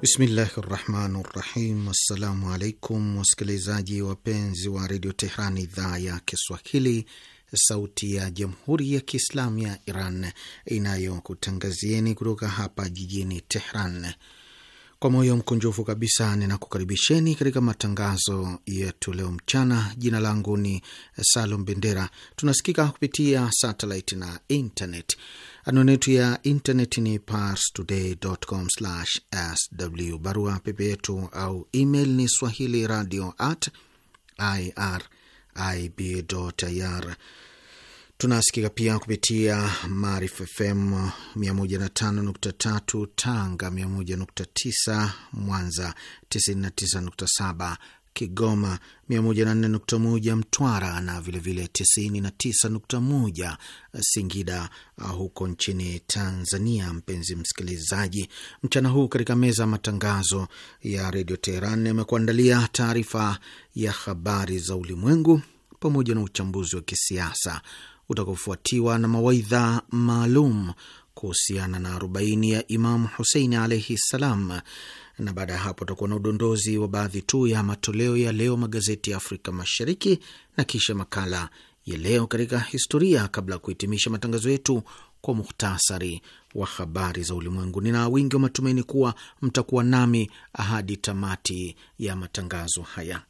Bismillahi rahmani rahim. Assalamu alaikum wasikilizaji wapenzi wa redio Tehran, idhaa ya Kiswahili, sauti ya jamhuri ya Kiislamu ya Iran inayokutangazieni kutoka hapa jijini Tehran. Kwa moyo mkunjufu kabisa ninakukaribisheni katika matangazo yetu leo mchana. Jina langu ni Salum Bendera. Tunasikika kupitia satelit na internet. Anwani yetu ya intaneti ni parstoday.com/sw. Barua pepe yetu au email ni swahili radio at irib.ir. Tunasikika pia kupitia Maarifa FM 105.3 Tanga, 101.9 Mwanza, 99.7 Kigoma 104.1, Mtwara na vilevile 99.1 Singida uh, huko nchini Tanzania. Mpenzi msikilizaji, mchana huu katika meza ya matangazo ya redio Teheran amekuandalia taarifa ya habari za ulimwengu pamoja na uchambuzi wa kisiasa utakaofuatiwa na mawaidha maalum kuhusiana na arobaini ya Imamu Huseini alaihi ssalam na baada ya hapo utakuwa na udondozi wa baadhi tu ya matoleo ya leo magazeti ya Afrika Mashariki na kisha makala ya leo katika historia, kabla ya kuhitimisha matangazo yetu kwa muhtasari wa habari za ulimwengu. Nina wingi wa matumaini kuwa mtakuwa nami hadi tamati ya matangazo haya.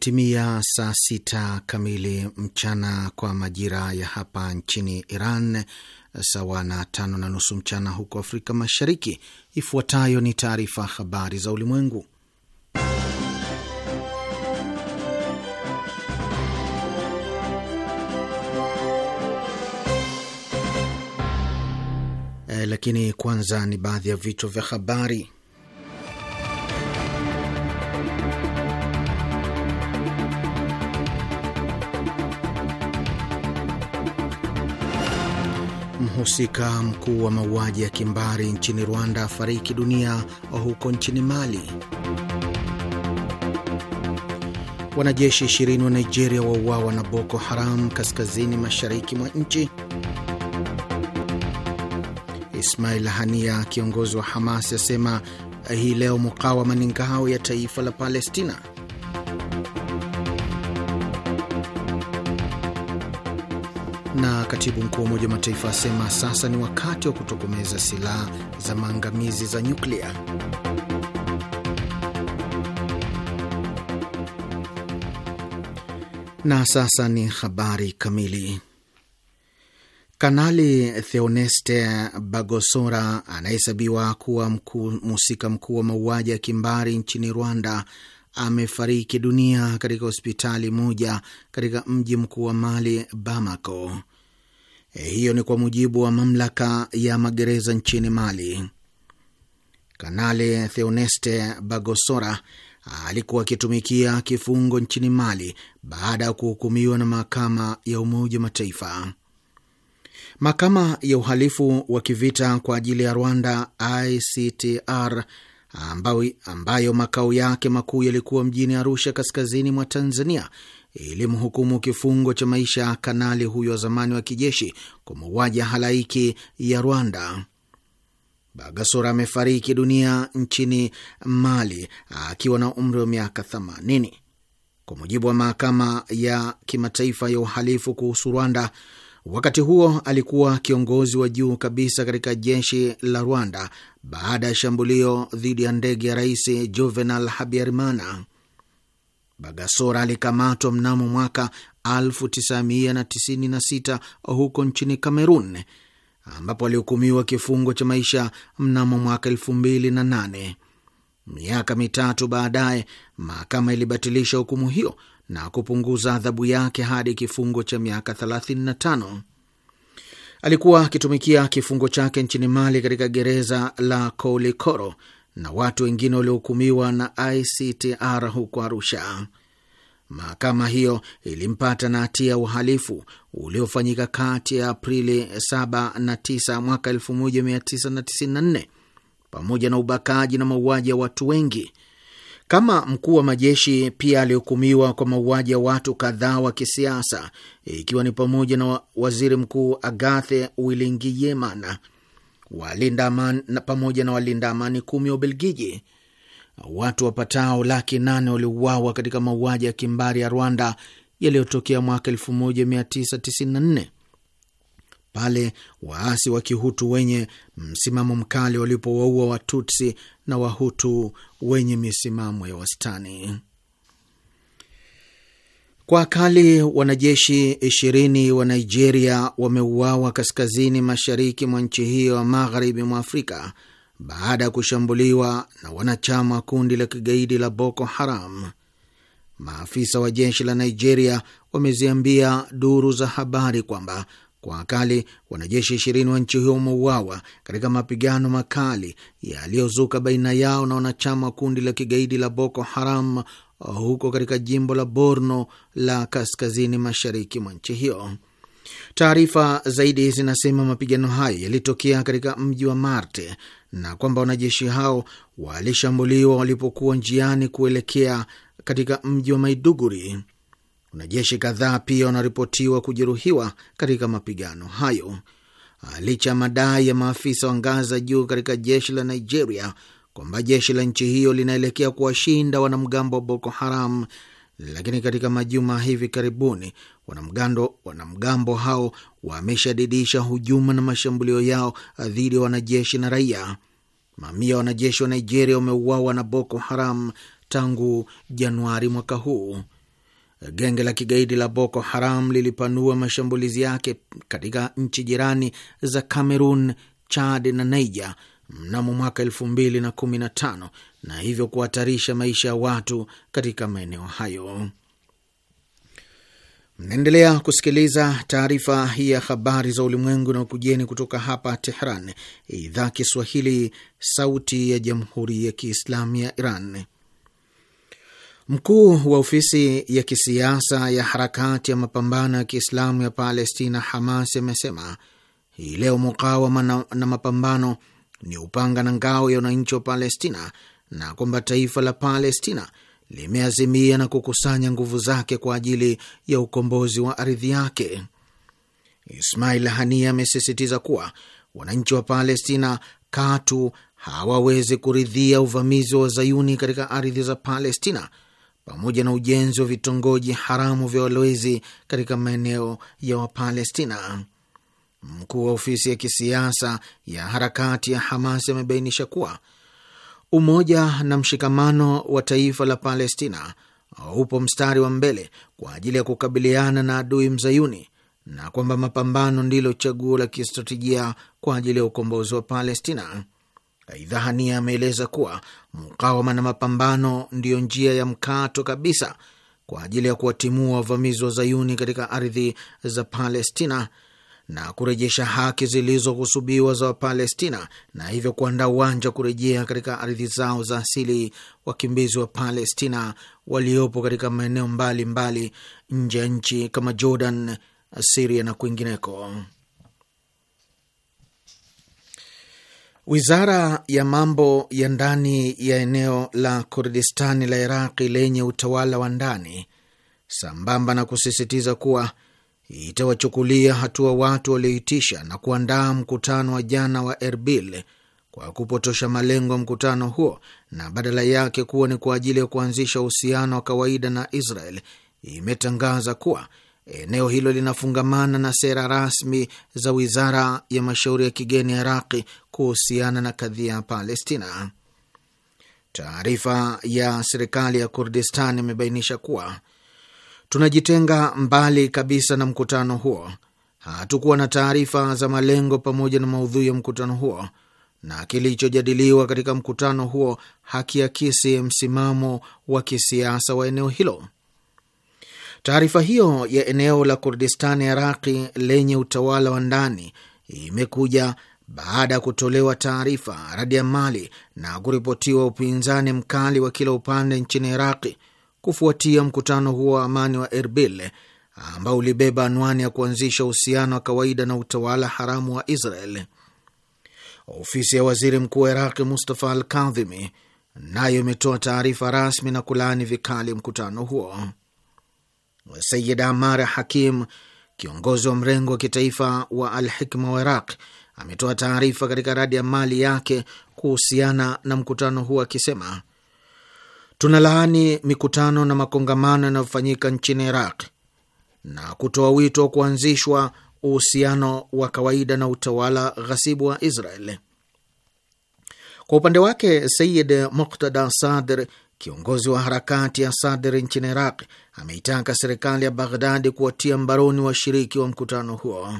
Imetimia saa sita kamili mchana kwa majira ya hapa nchini Iran, sawa na tano na nusu mchana huko Afrika Mashariki. Ifuatayo ni taarifa habari za ulimwengu, eh, lakini kwanza ni baadhi ya vichwa vya habari. Mhusika mkuu wa mauaji ya kimbari nchini Rwanda afariki dunia huko nchini Mali. Wanajeshi 20 wa Nigeria wauawa na Boko Haram kaskazini mashariki mwa nchi. Ismail Hania, kiongozi wa Hamas, asema hii leo mukawama ni ngao ya taifa la Palestina. Katibu mkuu wa Umoja wa Mataifa asema sasa ni wakati wa kutokomeza silaha za maangamizi za nyuklia. Na sasa ni habari kamili. Kanali Theoneste Bagosora anayehesabiwa kuwa mkuu, mkuu wa mauaji ya kimbari nchini Rwanda amefariki dunia katika hospitali moja katika mji mkuu wa Mali, Bamako. Eh, hiyo ni kwa mujibu wa mamlaka ya magereza nchini Mali. Kanali Theoneste Bagosora alikuwa akitumikia kifungo nchini Mali baada ya kuhukumiwa na mahakama ya Umoja wa Mataifa. Mahakama ya uhalifu wa kivita kwa ajili ya Rwanda, ICTR, ambayo, ambayo makao yake makuu yalikuwa mjini Arusha, kaskazini mwa Tanzania, ilimhukumu kifungo cha maisha kanali huyo wa zamani wa kijeshi kwa mauaji ya halaiki ya Rwanda. Bagasora amefariki dunia nchini Mali akiwa na umri wa miaka 80 kwa mujibu wa mahakama ya kimataifa ya uhalifu kuhusu Rwanda. Wakati huo alikuwa kiongozi wa juu kabisa katika jeshi la Rwanda baada ya shambulio dhidi ya ndege ya Rais Juvenal Habyarimana. Bagasora alikamatwa mnamo mwaka 1996 huko nchini Kamerun, ambapo alihukumiwa kifungo cha maisha mnamo mwaka 2008. Miaka mitatu baadaye, mahakama ilibatilisha hukumu hiyo na kupunguza adhabu yake hadi kifungo cha miaka 35. Alikuwa akitumikia kifungo chake nchini Mali katika gereza la Koulikoro na watu wengine waliohukumiwa na ICTR huko Arusha. Mahakama hiyo ilimpata na hatia ya uhalifu uliofanyika kati ya Aprili 7 na 9 mwaka 1994 pamoja na ubakaji na mauaji ya watu wengi. Kama mkuu wa majeshi pia alihukumiwa kwa mauaji ya watu kadhaa wa kisiasa, ikiwa ni pamoja na waziri mkuu Agathe Uwilingiyimana walinda amani na pamoja na walinda amani kumi wa Ubelgiji. Watu wapatao laki nane waliuawa katika mauaji ya kimbari ya Rwanda yaliyotokea mwaka 1994 pale waasi wa Kihutu wenye msimamo mkali walipowaua Watutsi na Wahutu wenye misimamo ya wastani. Kwa akali wanajeshi 20 wa Nigeria wameuawa kaskazini mashariki mwa nchi hiyo ya magharibi mwa Afrika baada ya kushambuliwa na wanachama wa kundi la kigaidi la Boko Haram. Maafisa wa jeshi la Nigeria wameziambia duru za habari kwamba kwa akali wanajeshi ishirini wa nchi hiyo wameuawa katika mapigano makali yaliyozuka baina yao na wanachama wa kundi la kigaidi la Boko Haram huko katika jimbo la Borno la kaskazini mashariki mwa nchi hiyo. Taarifa zaidi zinasema mapigano hayo yalitokea katika mji wa Marte na kwamba wanajeshi hao walishambuliwa walipokuwa njiani kuelekea katika mji wa Maiduguri. Wanajeshi kadhaa pia wanaripotiwa kujeruhiwa katika mapigano hayo. Licha ya madai ya maafisa wa ngazi za juu katika jeshi la Nigeria kwamba jeshi la nchi hiyo linaelekea kuwashinda wanamgambo wa Boko Haram, lakini katika majuma hivi karibuni wanamgando wanamgambo hao wameshadidisha hujuma na mashambulio yao dhidi ya wanajeshi na raia. Mamia wanajeshi wa Nigeria wameuawa na Boko Haram tangu Januari mwaka huu. Genge la kigaidi la Boko Haram lilipanua mashambulizi yake katika nchi jirani za Cameroon, Chad na Niger mnamo mwaka elfu mbili na kumi na tano na hivyo kuhatarisha maisha ya watu katika maeneo hayo. Mnaendelea kusikiliza taarifa hii ya habari za ulimwengu na ukujeni kutoka hapa Tehran, idhaa Kiswahili, sauti ya jamhuri ya kiislamu ya Iran. Mkuu wa ofisi ya kisiasa ya harakati ya mapambano ya kiislamu ya Palestina, Hamas, amesema hii leo mukawama na, na mapambano ni upanga na ngao ya wananchi wa Palestina na kwamba taifa la Palestina limeazimia na kukusanya nguvu zake kwa ajili ya ukombozi wa ardhi yake. Ismail Hania amesisitiza kuwa wananchi wa Palestina katu hawawezi kuridhia uvamizi wa Zayuni katika ardhi za Palestina pamoja na ujenzi wa vitongoji haramu vya walowezi katika maeneo ya Wapalestina. Mkuu wa ofisi ya kisiasa ya harakati ya Hamas amebainisha kuwa umoja na mshikamano wa taifa la Palestina upo mstari wa mbele kwa ajili ya kukabiliana na adui mzayuni na kwamba mapambano ndilo chaguo la kistratejia kwa ajili ya ukombozi wa Palestina. Aidha, Hania ameeleza kuwa mukawama na mapambano ndiyo njia ya mkato kabisa kwa ajili ya kuwatimua wavamizi wa zayuni katika ardhi za Palestina na kurejesha haki zilizohusubiwa za Wapalestina na hivyo kuandaa uwanja kurejea katika ardhi zao za asili wakimbizi wa Palestina waliopo katika maeneo mbalimbali nje ya nchi kama Jordan, Siria na kwingineko. Wizara ya mambo ya ndani ya eneo la Kurdistani la Iraqi lenye utawala wa ndani, sambamba na kusisitiza kuwa itawachukulia hatua watu walioitisha na kuandaa mkutano wa jana wa Erbil kwa kupotosha malengo ya mkutano huo na badala yake kuwa ni kwa ajili ya kuanzisha uhusiano wa kawaida na Israel, imetangaza kuwa eneo hilo linafungamana na sera rasmi za wizara ya mashauri ya kigeni ya Iraqi kuhusiana na kadhia ya Palestina. Taarifa ya serikali ya Kurdistan imebainisha kuwa tunajitenga mbali kabisa na mkutano huo. Hatukuwa na taarifa za malengo pamoja na maudhui ya mkutano huo, na kilichojadiliwa katika mkutano huo hakiakisi msimamo wa kisiasa wa eneo hilo. Taarifa hiyo ya eneo la Kurdistani Iraqi lenye utawala wa ndani imekuja baada ya kutolewa taarifa radi ya mali na kuripotiwa upinzani mkali wa kila upande nchini Iraqi kufuatia mkutano huo wa amani wa Erbil ambao ulibeba anwani ya kuanzisha uhusiano wa kawaida na utawala haramu wa Israel. Ofisi ya waziri mkuu wa Iraqi Mustafa Al Kadhimi nayo imetoa taarifa rasmi na kulaani vikali mkutano huo. Sayid Amar Hakim, kiongozi wa mrengo wa kitaifa wa Al Hikma wa Iraq, ametoa taarifa katika radi ya mali yake kuhusiana na mkutano huo akisema Tunalaani mikutano na makongamano yanayofanyika nchini Iraq na kutoa wito wa kuanzishwa uhusiano wa kawaida na utawala ghasibu wa Israel. Kwa upande wake, Sayid Muktada Sadr, kiongozi wa harakati ya Sadr nchini Iraq, ameitaka serikali ya Baghdadi kuwatia mbaroni washiriki wa mkutano huo.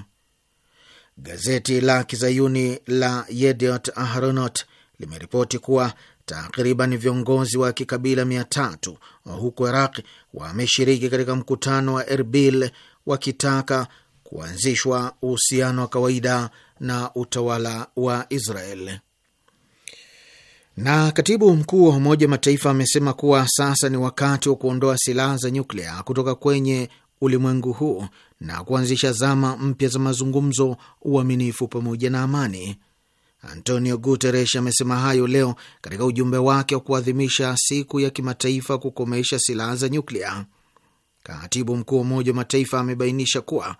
Gazeti la kizayuni la Yediot Ahronot limeripoti kuwa takriban viongozi wa kikabila mia tatu huko Iraq wameshiriki katika mkutano wa Erbil wakitaka kuanzishwa uhusiano wa kawaida na utawala wa Israel. Na katibu mkuu wa Umoja wa Mataifa amesema kuwa sasa ni wakati wa kuondoa silaha za nyuklia kutoka kwenye ulimwengu huu na kuanzisha zama mpya za mazungumzo, uaminifu pamoja na amani. Antonio Guterres amesema hayo leo katika ujumbe wake wa kuadhimisha siku ya kimataifa kukomesha silaha za nyuklia. Katibu mkuu wa Umoja wa Mataifa amebainisha kuwa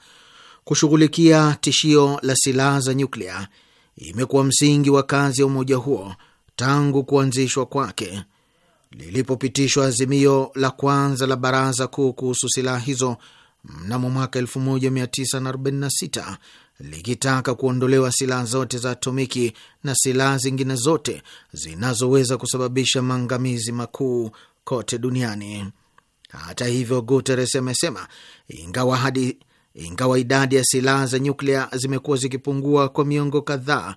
kushughulikia tishio la silaha za nyuklia imekuwa msingi wa kazi ya umoja huo tangu kuanzishwa kwake lilipopitishwa azimio la kwanza la Baraza Kuu kuhusu silaha hizo mnamo mwaka 1946 likitaka kuondolewa silaha zote za atomiki na silaha zingine zote zinazoweza kusababisha maangamizi makuu kote duniani. Hata hivyo, Guterres amesema ingawa hadi ingawa idadi ya silaha za nyuklia zimekuwa zikipungua kwa miongo kadhaa,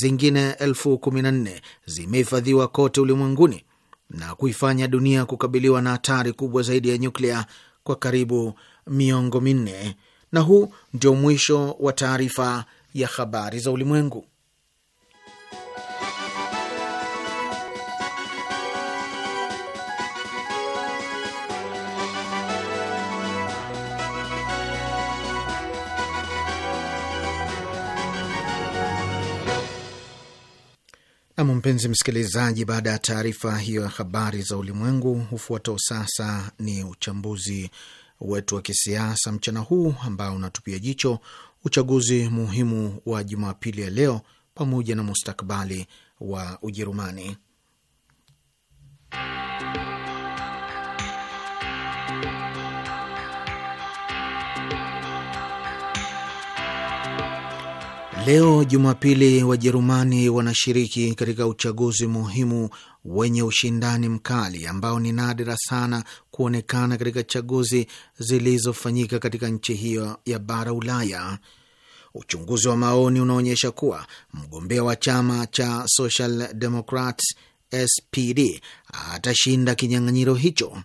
zingine elfu kumi na nne zimehifadhiwa kote ulimwenguni na kuifanya dunia kukabiliwa na hatari kubwa zaidi ya nyuklia kwa karibu miongo minne. Na huu ndio mwisho wa taarifa ya habari za ulimwengu. Nam, mpenzi msikilizaji, baada ya taarifa hiyo ya habari za ulimwengu, hufuatao sasa ni uchambuzi wetu wa kisiasa mchana huu ambao unatupia jicho uchaguzi muhimu wa Jumapili ya leo pamoja na mustakabali wa Ujerumani. Leo Jumapili, Wajerumani wanashiriki katika uchaguzi muhimu wenye ushindani mkali ambao ni nadra sana kuonekana katika chaguzi zilizofanyika katika nchi hiyo ya bara Ulaya. Uchunguzi wa maoni unaonyesha kuwa mgombea wa chama cha Social Democrats SPD atashinda kinyang'anyiro hicho.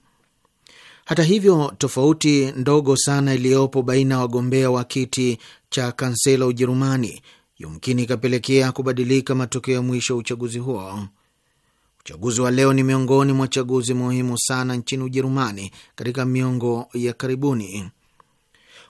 Hata hivyo, tofauti ndogo sana iliyopo baina ya wagombea wa kiti cha kansela Ujerumani yumkini ikapelekea kubadilika matokeo ya mwisho ya uchaguzi huo. Uchaguzi wa leo ni miongoni mwa chaguzi muhimu sana nchini Ujerumani katika miongo ya karibuni.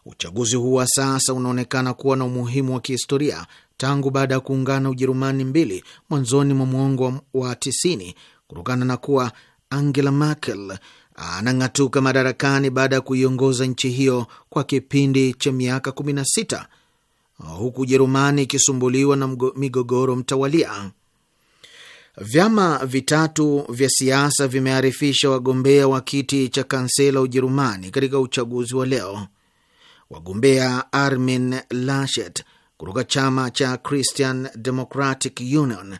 Uchaguzi huu wa sasa unaonekana kuwa na umuhimu wa kihistoria tangu baada ya kuungana Ujerumani mbili mwanzoni mwa mwongo wa 90 kutokana na kuwa Angela Merkel anang'atuka madarakani baada ya kuiongoza nchi hiyo kwa kipindi cha miaka 16 huku Ujerumani ikisumbuliwa na migogoro mtawalia. Vyama vitatu vya siasa vimearifisha wagombea wa kiti cha kansela Ujerumani katika uchaguzi wa leo. Wagombea Armin Laschet kutoka chama cha Christian Democratic Union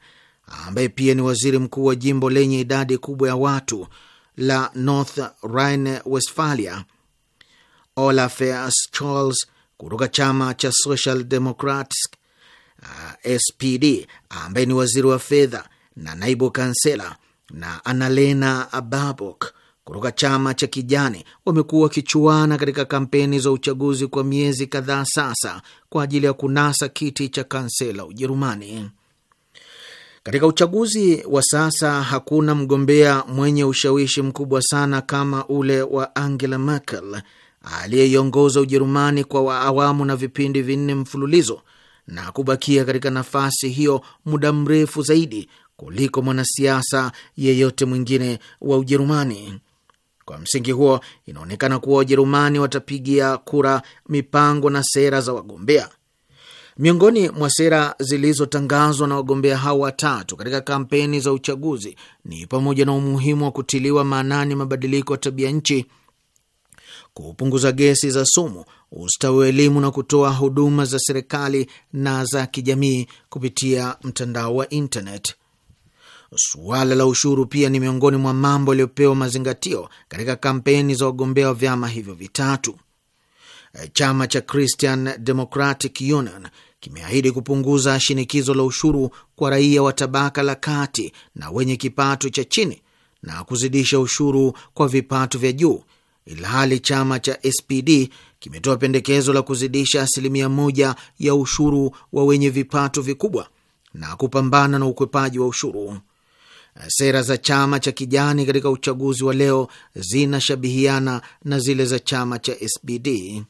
ambaye pia ni waziri mkuu wa jimbo lenye idadi kubwa ya watu la North Rhine-Westphalia, Olaf Scholz kutoka chama cha Social Democrats uh, SPD ambaye ni waziri wa fedha na naibu kansela na Analena babok kutoka chama cha Kijani wamekuwa wakichuana katika kampeni za uchaguzi kwa miezi kadhaa sasa kwa ajili ya kunasa kiti cha kansela Ujerumani. Katika uchaguzi wa sasa hakuna mgombea mwenye ushawishi mkubwa sana kama ule wa Angela Merkel aliyeiongoza Ujerumani kwa awamu na vipindi vinne mfululizo na kubakia katika nafasi hiyo muda mrefu zaidi kuliko mwanasiasa yeyote mwingine wa Ujerumani. Kwa msingi huo, inaonekana kuwa Wajerumani watapigia kura mipango na sera za wagombea. Miongoni mwa sera zilizotangazwa na wagombea hao watatu katika kampeni za uchaguzi ni pamoja na umuhimu wa kutiliwa maanani mabadiliko ya tabia nchi, kupunguza gesi za sumu, ustawi wa elimu na kutoa huduma za serikali na za kijamii kupitia mtandao wa intnet Suala la ushuru pia ni miongoni mwa mambo yaliyopewa mazingatio katika kampeni za wagombea wa vyama hivyo vitatu. Chama cha Christian Democratic Union kimeahidi kupunguza shinikizo la ushuru kwa raia wa tabaka la kati na wenye kipato cha chini na kuzidisha ushuru kwa vipato vya juu, ilhali chama cha SPD kimetoa pendekezo la kuzidisha asilimia moja ya ushuru wa wenye vipato vikubwa na kupambana na ukwepaji wa ushuru. Sera za chama cha kijani katika uchaguzi wa leo zinashabihiana na zile za chama cha SPD.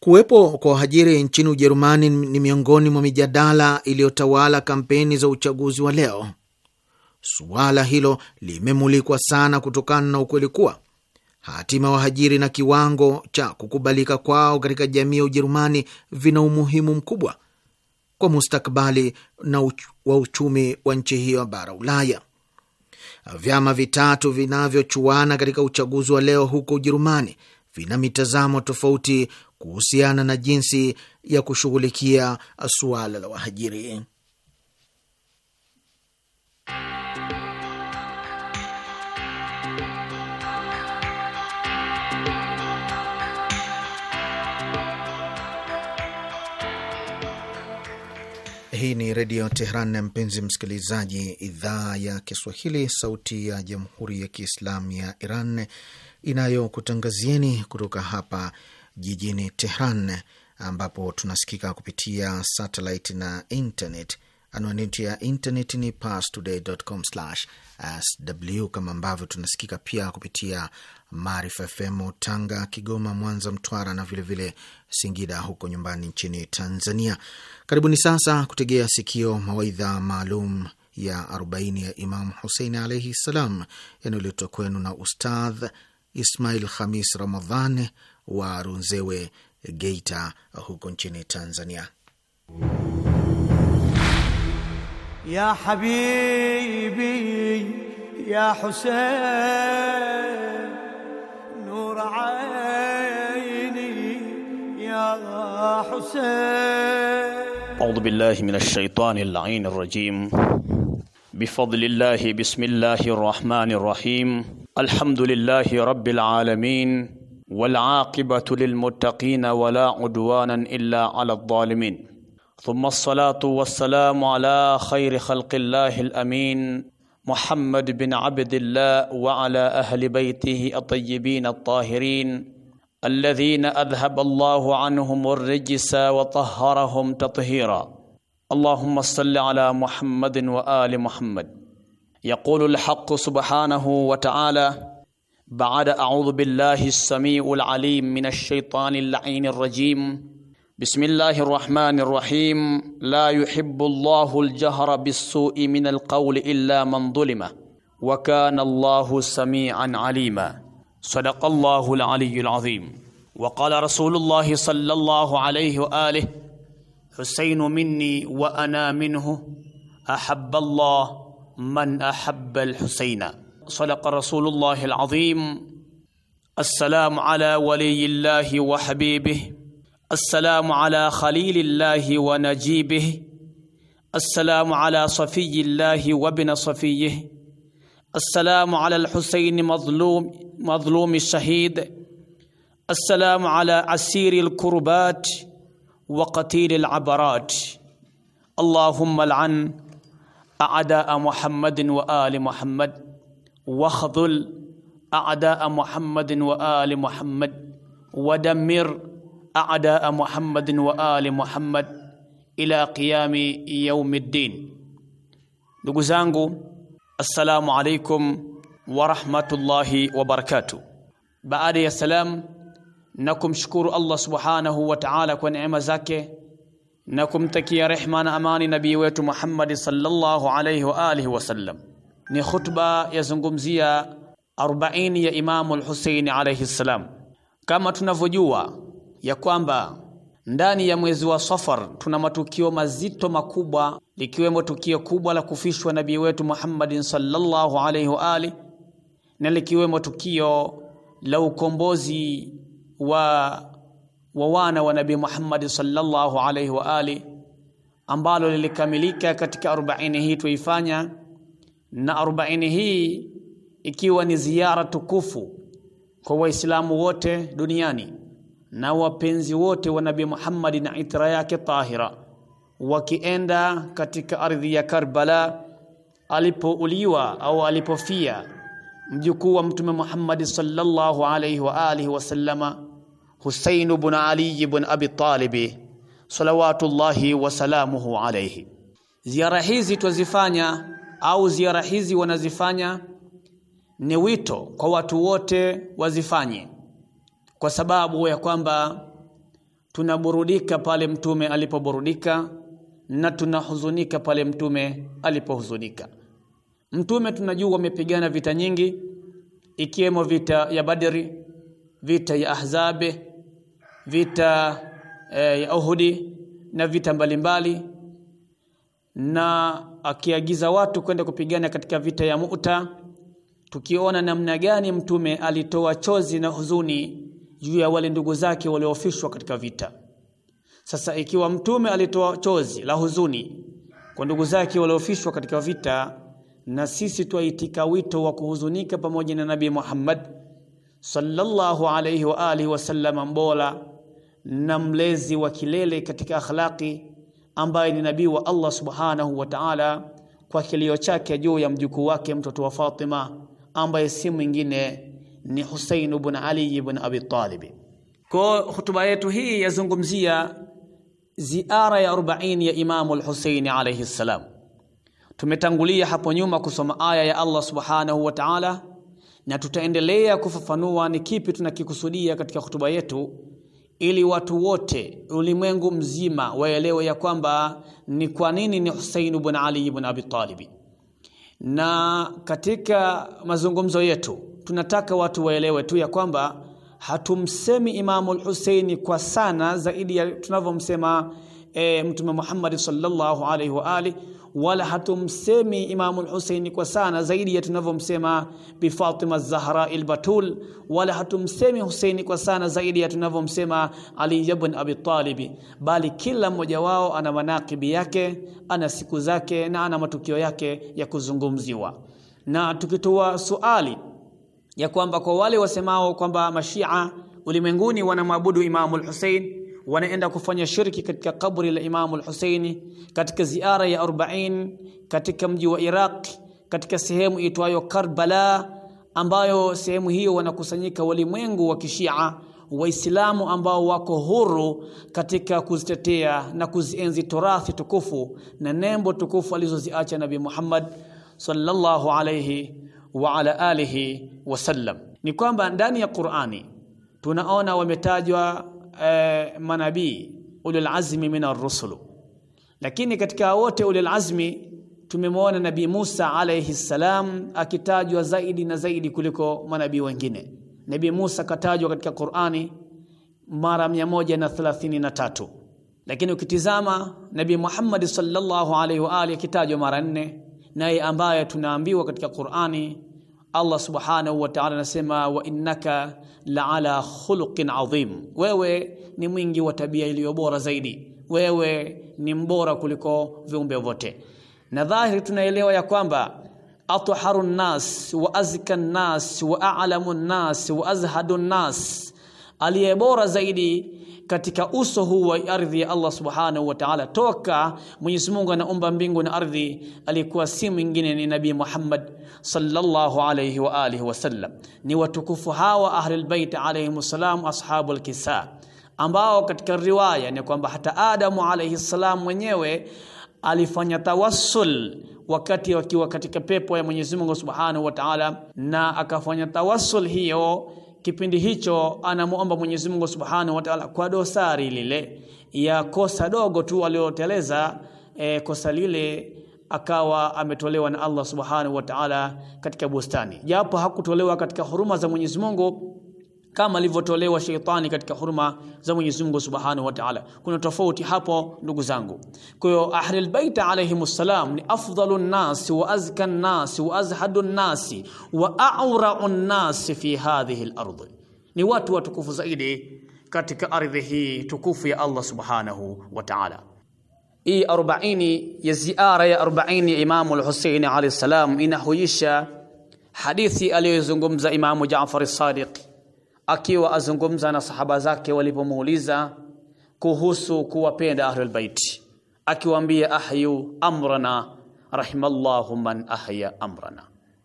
Kuwepo kwa wahajiri nchini Ujerumani ni miongoni mwa mijadala iliyotawala kampeni za uchaguzi wa leo. Suala hilo limemulikwa sana kutokana na ukweli kuwa hatima wahajiri na kiwango cha kukubalika kwao katika jamii ya Ujerumani vina umuhimu mkubwa kwa mustakabali na uchu wa uchumi wa nchi hiyo bara Ulaya. Vyama vitatu vinavyochuana katika uchaguzi wa leo huko Ujerumani vina mitazamo tofauti kuhusiana na jinsi ya kushughulikia suala la wahajiri. Hii ni Redio Tehran na mpenzi msikilizaji, idhaa ya Kiswahili, sauti ya jamhuri ya kiislamu ya Iran inayokutangazieni kutoka hapa jijini Tehran, ambapo tunasikika kupitia satelit na internet. Anwani yetu ya internet ni pastoday.com sw kama ambavyo tunasikika pia kupitia Maarifa FM Tanga, Kigoma, Mwanza, Mtwara na vilevile vile Singida huko nyumbani nchini Tanzania. Karibuni sasa kutegea sikio mawaidha maalum ya 40 ya Imam Husein alaihi ssalam, yanayoletwa kwenu na Ustadh Ismail Khamis Ramadhan wa Runzewe, Geita, huko nchini Tanzania. يا حبيبي يا حسين نور عيني يا حسين أعوذ بالله من الشيطان اللعين الرجيم بفضل الله بسم الله الرحمن الرحيم الحمد لله رب العالمين والعاقبة للمتقين ولا عدوانا إلا على الظالمين ثم الصلاة والسلام على خير خلق الله الأمين محمد بن عبد الله وعلى أهل بيته الطيبين الطاهرين الذين أذهب الله عنهم الرجس وطهرهم تطهيرا اللهم صل على محمد وآل محمد يقول الحق سبحانه وتعالى بعد أعوذ بالله السميع العليم من الشيطان اللعين الرجيم بسم الله الرحمن الرحيم لا يحب الله الجهر بالسوء من القول إلا من ظلمه وكان الله سميعا عليما صدق الله العلي العظيم وقال رسول الله صلى الله عليه وآله حسين مني وأنا منه أحب الله من أحب الحسين صدق رسول الله العظيم السلام على ولي الله وحبيبه السلام على خليل الله ونجيبه السلام على صفي الله وابن صفيه السلام على الحسين مظلوم مظلوم الشهيد السلام على عسير الكربات وقتيل العبرات اللهم العن أعداء محمد وآل محمد وخذل أعداء محمد وآل محمد ودمر أعداء محمد وآل محمد إلى قيام يوم الدين دوغزانغو السلام عليكم ورحمة الله وبركاته بعد السلام نكم شكور الله سبحانه وتعالى كون ونعم زكي نكم تكي رحمان أماني نبي ويت محمد صلى الله عليه وآله وسلم ni khutba ya zungumzia 40 ya imamu lhusein alaihi ssalam kama ya kwamba ndani ya mwezi wa Safar tuna matukio mazito makubwa, likiwemo tukio kubwa la kufishwa nabii wetu Muhammadin sallallahu alayhi wa ali, na likiwemo tukio la ukombozi wa, wa wana wa nabii Muhammad sallallahu alayhi wa ali ambalo lilikamilika katika 40 hii tuifanya, na 40 hii ikiwa ni ziara tukufu kwa Waislamu wote duniani na wapenzi wote wa Nabii Muhammad na itira yake tahira, wakienda katika ardhi ya Karbala alipouliwa au alipofia mjukuu wa Mtume Muhammad sallallahu alayhi wa alihi wasallama Husain ibn Ali ibn Abi Talib salawatullahi salamuhu alayhi. Ziara hizi twazifanya au ziara hizi wanazifanya, ni wito kwa watu wote wazifanye kwa sababu ya kwamba tunaburudika pale mtume alipoburudika na tunahuzunika pale mtume alipohuzunika. Mtume tunajua amepigana vita nyingi, ikiwemo vita ya Badri, vita ya Ahzabe, vita eh, ya Uhudi na vita mbalimbali mbali, na akiagiza watu kwenda kupigana katika vita ya Mu'ta, tukiona namna gani mtume alitoa chozi na huzuni juu ya wale ndugu zake waliofishwa katika vita. Sasa ikiwa mtume alitoa chozi la huzuni kwa ndugu zake waliofishwa katika vita, na sisi twaitika wito wa kuhuzunika pamoja na Nabii Muhammad sallallahu alayhi wa alihi wasallam, mbola na mlezi wa kilele katika akhlaqi, ambaye ni nabii wa Allah subhanahu wa ta'ala, kwa kilio chake juu ya mjukuu wake mtoto wa Fatima ambaye si mwingine ni Hussein ibn Ali ibn Abi Talib. Kwa hutuba yetu hii yazungumzia ziara ya 40 ya Imamu al hussein alayhi salam. Tumetangulia hapo nyuma kusoma aya ya Allah subhanahu wa ta'ala, na tutaendelea kufafanua ni kipi tunakikusudia katika hutuba yetu, ili watu wote ulimwengu mzima waelewe ya kwamba ni kwa nini ni Husein ibn Ali ibn Abi Talib. Na katika mazungumzo yetu tunataka watu waelewe tu ya kwamba hatumsemi imamu lhuseini kwa sana zaidi ya tunavyomsema e, Mtume Muhammad sallallahu alaihi wa ali, wala hatumsemi imamu lhuseini kwa sana zaidi ya tunavyomsema Bi Fatima Zahra al-Batul, wala hatumsemi Huseini kwa sana zaidi ya tunavyomsema Ali ibn Abi Talib, bali kila mmoja wao ana manakibi yake, ana siku zake na ana matukio yake ya kuzungumziwa. Na tukitoa suali ya kwamba kwa wale wasemao kwamba mashia ulimwenguni wanamwabudu Imamu al-Hussein wanaenda kufanya shirki katika kaburi la Imamu al-Hussein katika ziara ya 40 katika mji wa Iraq katika sehemu itwayo Karbala ambayo sehemu hiyo wanakusanyika walimwengu wa Kishia Waislamu ambao wako huru katika kuzitetea na kuzienzi torathi tukufu na nembo tukufu alizoziacha Nabii Muhammad sallallahu alayhi wa ala alihi wasallam. Ni kwamba ndani ya Qur'ani tunaona wametajwa e, manabii ulul azmi min ar-rusul, lakini katika wote ulul azmi tumemwona Nabii Musa alayhi salam akitajwa zaidi na zaidi kuliko manabii wengine. Nabii Musa katajwa katika Qur'ani mara tatu lakini ukitizama Nabii Muhammad sallallahu alayhi wa alihi akitajwa mara nne naye ambaye tunaambiwa katika Qur'ani Allah subhanahu wa ta'ala anasema wa innaka la'ala khuluqin adhim, wewe ni mwingi wa tabia iliyo bora zaidi, wewe ni mbora kuliko viumbe vyote. Na dhahiri tunaelewa ya kwamba atharu nnas wa azka nnas wa a'lamu nnas wa azhadu nnas, aliye bora zaidi katika uso huu wa ardhi ya Allah subhanahu wa ta'ala, toka Mwenyezi Mungu anaumba mbingu na ardhi, alikuwa si mwingine ni Nabii Muhammad sallallahu alayhi wa alihi wasallam. Ni watukufu hawa Ahlul Bait alayhi salam, ashabul kisa, ambao katika riwaya ni kwamba hata Adamu alayhi salam mwenyewe alifanya tawassul wakati wakiwa katika pepo ya Mwenyezi Mungu subhanahu wa ta'ala, na akafanya tawassul hiyo kipindi hicho anamuomba Mwenyezi Mungu Subhanahu wa Ta'ala kwa dosari lile ya kosa dogo tu aliloteleza e, kosa lile akawa ametolewa na Allah Subhanahu wa Ta'ala katika bustani, japo hakutolewa katika huruma za Mwenyezi Mungu kama alivyotolewa sheitani katika huruma za Mwenyezi Mungu Subhanahu wa Ta'ala. Kuna tofauti hapo ndugu zangu. Kwa hiyo Ahlul Bait alayhimussalam ni afdhalu nasi wa azka nasi wa azhadu nasi wa a'ra'u nasi fi hadhihi al-ardh. Ni watu watukufu zaidi katika ardhi hii tukufu ya Allah Subhanahu wa Ta'ala. Hii 40 ya ziara ya 40 ya Imamu al-Husaini alayhi salam inahuisha hadithi aliyozungumza Imamu Jaafar as-Sadiq akiwa azungumza na sahaba zake walipomuuliza kuhusu kuwapenda ahlul baiti, akiwaambia ahyu amrana rahimallahu man ahya amrana.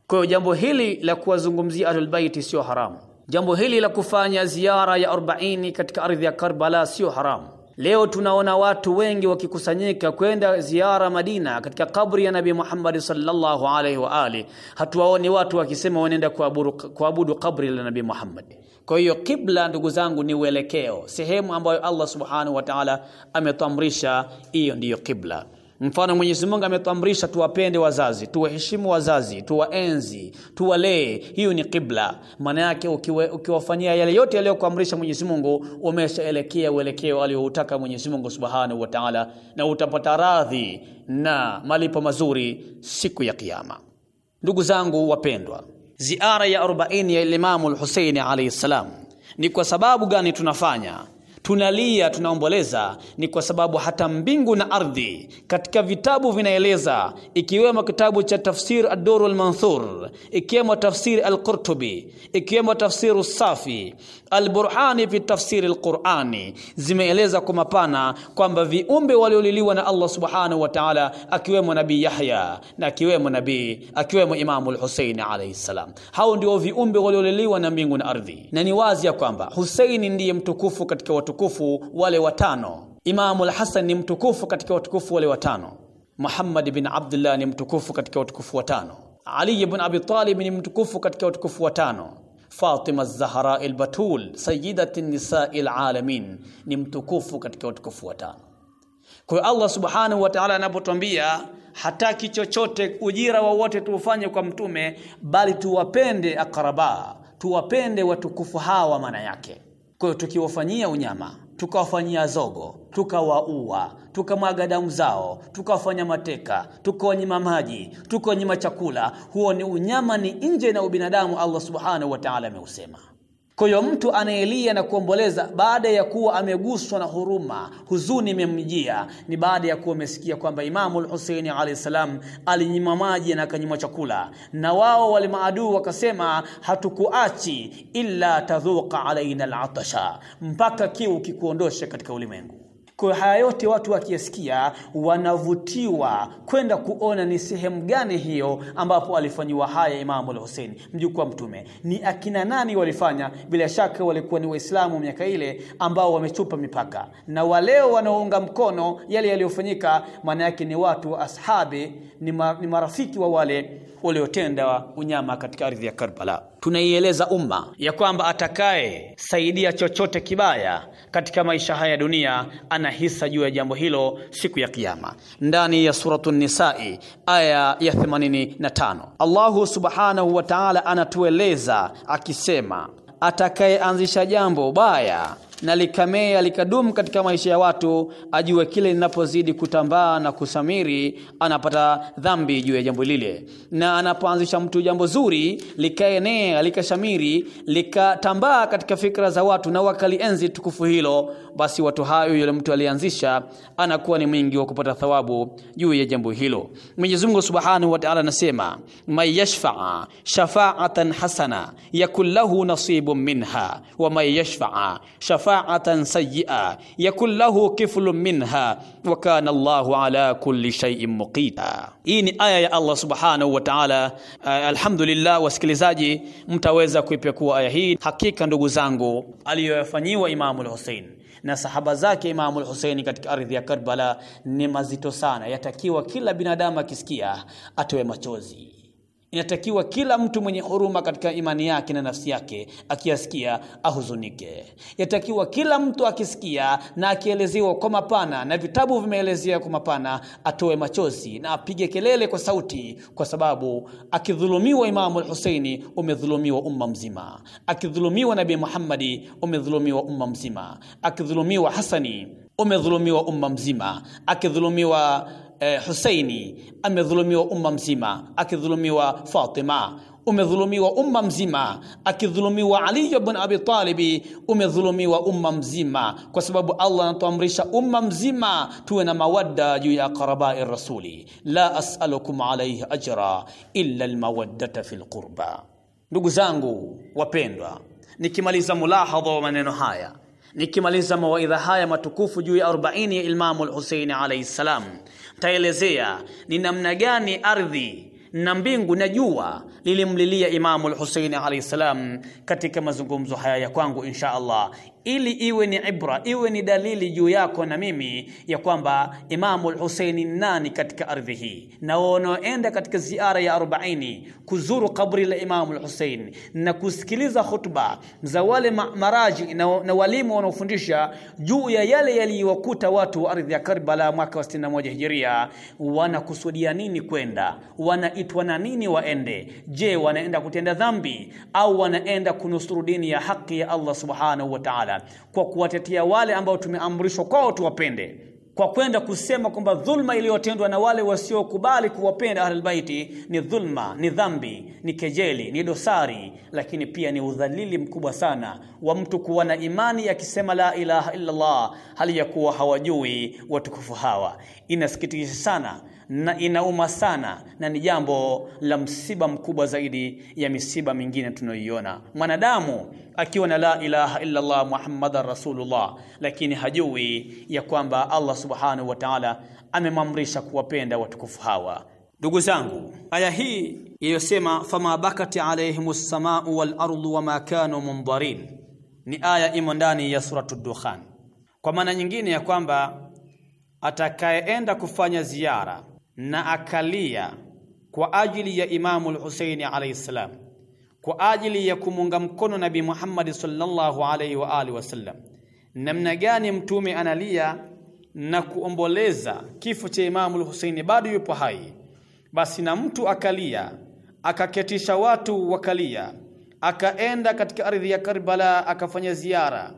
Kwa hiyo jambo hili la kuwazungumzia ahlul baiti sio haramu. Jambo hili la kufanya ziara ya 40 katika ardhi ya Karbala sio haramu. Leo tunaona watu wengi wakikusanyika kwenda ziara Madina katika kabri ya Nabii Muhammad sallallahu alaihi wa ali, hatuwaoni watu wakisema wanaenda kuabudu kabri la Nabii Muhammad. Kwa hiyo kibla, ndugu zangu, ni uelekeo, sehemu ambayo Allah subhanahu wa ta'ala ametuamrisha, hiyo ndiyo kibla. Mfano, Mwenyezi Mungu ametuamrisha tuwapende wazazi, tuwaheshimu wazazi, tuwaenzi, tuwalee. Hiyo ni kibla. Maana yake ukiwafanyia yale yote aliyokuamrisha Mwenyezi Mungu, umeshaelekea uelekeo aliyoutaka Mwenyezi Mungu Subhanahu wa Ta'ala, na utapata radhi na malipo mazuri siku ya Kiyama. Ndugu zangu wapendwa ziara ya 40 ya Imamu al-Husaini alayhi salam. Ni kwa sababu gani tunafanya? Tunalia, tunaomboleza, ni kwa sababu hata mbingu na ardhi katika vitabu vinaeleza, ikiwemo kitabu cha tafsir ad-Durr al-Manthur, ikiwemo tafsir al-Qurtubi, ikiwemo tafsir Safi, Alburhani fi tafsiri lqurani zimeeleza kwa mapana kwamba viumbe walioliliwa na Allah subhanahu wa ta'ala, akiwemo Nabii Yahya na akiwemo nabii akiwemo Imamu Lhuseini alaihi salam. Hao ndio viumbe walioliliwa na mbingu na ardhi, na ni wazi ya kwamba Huseini ndiye mtukufu katika watukufu wale watano. Imamu Lhasan ni mtukufu katika watukufu wale watano. Muhammad bin Abdullah ni mtukufu katika watukufu watano. Ali ibn Abi Talib ni mtukufu katika watukufu watano. Fatima Zahra al-Batul sayyidati nisai al-alamin ni mtukufu katika watukufu watano. Kwa hiyo Allah subhanahu wa ta'ala anapotuambia hataki chochote ujira wowote tuufanye kwa mtume, bali tuwapende akraba, tuwapende watukufu hawa, maana yake kwa hiyo tukiwafanyia unyama tukawafanyia zogo, tukawaua, tukamwaga damu zao, tukawafanya mateka, tukawanyima maji, tukawanyima chakula. Huo ni unyama, ni nje na ubinadamu. Allah subhanahu wa ta'ala ameusema. Kwa hiyo mtu anayelia na kuomboleza baada ya kuwa ameguswa na huruma, huzuni imemjia, ni baada ya kuwa amesikia kwamba Imamu al-Husaini alayhi salam alinyima maji na akanyima chakula, na wao wale maadui wakasema, hatukuachi illa tadhuka alaina al-atasha, mpaka kiu kikuondoshe katika ulimwengu. Kwa haya yote watu wakiyasikia wanavutiwa kwenda kuona ni sehemu gani hiyo ambapo alifanyiwa haya Imamu al-Hussein mjukuu wa Mtume. Ni akina nani walifanya? Bila shaka walikuwa ni Waislamu miaka ile ambao wamechupa mipaka, na waleo wanaounga mkono yale yaliyofanyika, maana yake ni watu wa ashabi, ni marafiki wa wale uliotenda unyama katika ardhi ya Karbala. Tunaieleza umma ya kwamba atakaye saidia chochote kibaya katika maisha haya ya dunia ana hisa juu ya jambo hilo siku ya Kiyama. Ndani ya suratu Nisai aya ya 85 Allahu subhanahu wa taala anatueleza akisema, atakayeanzisha jambo baya na likamea likadumu katika maisha ya watu, ajue kile linapozidi kutambaa na kusamiri, anapata dhambi juu ya jambo lile. Na anapoanzisha mtu jambo zuri, likaenea likashamiri, likatambaa katika fikra za watu na wakalienzi tukufu hilo, basi watu hayo, yule mtu alianzisha, anakuwa ni mwingi wa kupata thawabu juu ya jambo hilo. Mwenyezi Mungu Subhanahu wa Ta'ala anasema, may yashfa'a shafa'atan hasana yakul lahu nasibun minha wa may yashfa'a shafa shafaatan sayyi'a yakun lahu kiflun minha wa kana Allahu ala kulli shay'in muqita. Hii ni aya ya Allah subhanahu wa ta'ala. Eh, alhamdulillah, wasikilizaji, mtaweza kuipekua aya hii. Hakika ndugu zangu, aliyoyafanyiwa al Hussein na sahaba zake al-Hussein katika ardhi ya Karbala ni mazito sana, yatakiwa kila binadamu akisikia atoe machozi. Inatakiwa kila mtu mwenye huruma katika imani yake na nafsi yake akiyasikia ahuzunike. Inatakiwa kila mtu akisikia na akielezewa kwa mapana, na vitabu vimeelezea kwa mapana, atoe machozi na apige kelele kwa sauti, kwa sababu akidhulumiwa Imamu Al-Husaini, umedhulumiwa umma mzima. Akidhulumiwa Nabii Muhammadi, umedhulumiwa umma mzima. Akidhulumiwa Hasani, umedhulumiwa umma mzima. Akidhulumiwa eh, Husaini amedhulumiwa umma mzima, akidhulumiwa Fatima umedhulumiwa umma mzima, akidhulumiwa Ali ibn Abi Talibi umedhulumiwa umma mzima, kwa sababu Allah anatuamrisha umma mzima tuwe na mawadda juu ya qarabai rasuli, la as'alukum alayhi ajra illa almawaddata fi qurba. Ndugu zangu wapendwa, nikimaliza mulahadha wa maneno haya, nikimaliza mawaidha haya matukufu juu ya 40 ya Imamu al-Husaini alayhi salam taelezea ni namna gani ardhi na mbingu na jua lilimlilia Imamu al-Husaini alayhi salam katika mazungumzo haya ya kwangu insha Allah ili iwe ni ibra, iwe ni dalili juu yako na mimi ya kwamba Imamu Huseini nani katika ardhi hii, na wanaoenda katika ziara ya 40 kuzuru kaburi la Imamu Huseini na kusikiliza khutba za wale maraji na, na walimu wanaofundisha juu ya yale yaliyowakuta watu wa ardhi ya Karbala mwaka wa 61 Hijiria, wanakusudia nini kwenda? Wanaitwa na nini waende? Je, wanaenda kutenda dhambi au wanaenda kunusuru dini ya haki ya Allah subhanahu wa ta'ala? msaada kwa kuwatetea wale ambao tumeamrishwa kwao tuwapende kwa kwenda kusema kwamba dhulma iliyotendwa na wale wasiokubali kuwapenda ahlulbaiti ni dhulma, ni dhambi, ni kejeli, ni dosari, lakini pia ni udhalili mkubwa sana wa mtu kuwa na imani akisema la ilaha illallah, hali ya kuwa hawajui watukufu hawa. Inasikitisha sana na inauma sana na ni jambo la msiba mkubwa zaidi ya misiba mingine tunayoiona mwanadamu akiwa na la ilaha illa Allah muhammadan rasulullah lakini hajui ya kwamba Allah subhanahu wa ta'ala amemamrisha kuwapenda watukufu hawa ndugu zangu aya hii iliyosema fama bakati alayhimus samau wal ardu wama kanu mundharin ni aya imo ndani ya suratu dukhan kwa maana nyingine ya kwamba atakayeenda kufanya ziara na akalia kwa ajili ya Imamu al alaihi alayhi salam kwa ajili ya kumunga mkono nabi Muhammad sallallahu alayhi wa alihi wasallam. Namna gani mtume analia na kuomboleza kifo cha Imamu al bado yupo hai, basi na mtu akalia akaketisha watu wakalia, akaenda katika ardhi ya Karbala akafanya ziara,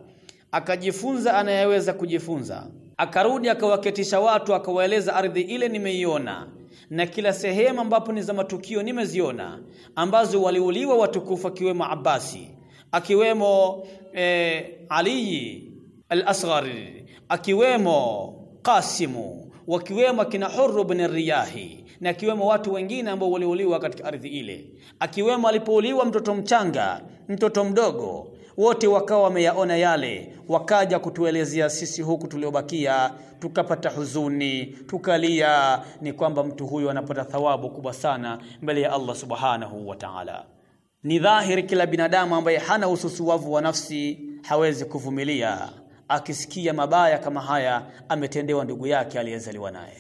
akajifunza anayeweza kujifunza Akarudi akawaketisha watu, akawaeleza ardhi ile nimeiona na kila sehemu ambapo ni za matukio nimeziona, ambazo waliuliwa watukufu akiwemo Abasi, akiwemo e, Ali al-Asghar, akiwemo Qasimu, wakiwemo akina Hurr ibn Riyahi na akiwemo watu wengine ambao waliuliwa katika ardhi ile, akiwemo alipouliwa mtoto mchanga, mtoto mdogo wote wakawa wameyaona yale, wakaja kutuelezea sisi huku tuliobakia, tukapata huzuni, tukalia. Ni kwamba mtu huyu anapata thawabu kubwa sana mbele ya Allah subhanahu wa ta'ala. Ni dhahiri kila binadamu ambaye hana ususuwavu wa nafsi hawezi kuvumilia akisikia mabaya kama haya ametendewa ndugu yake aliyezaliwa naye.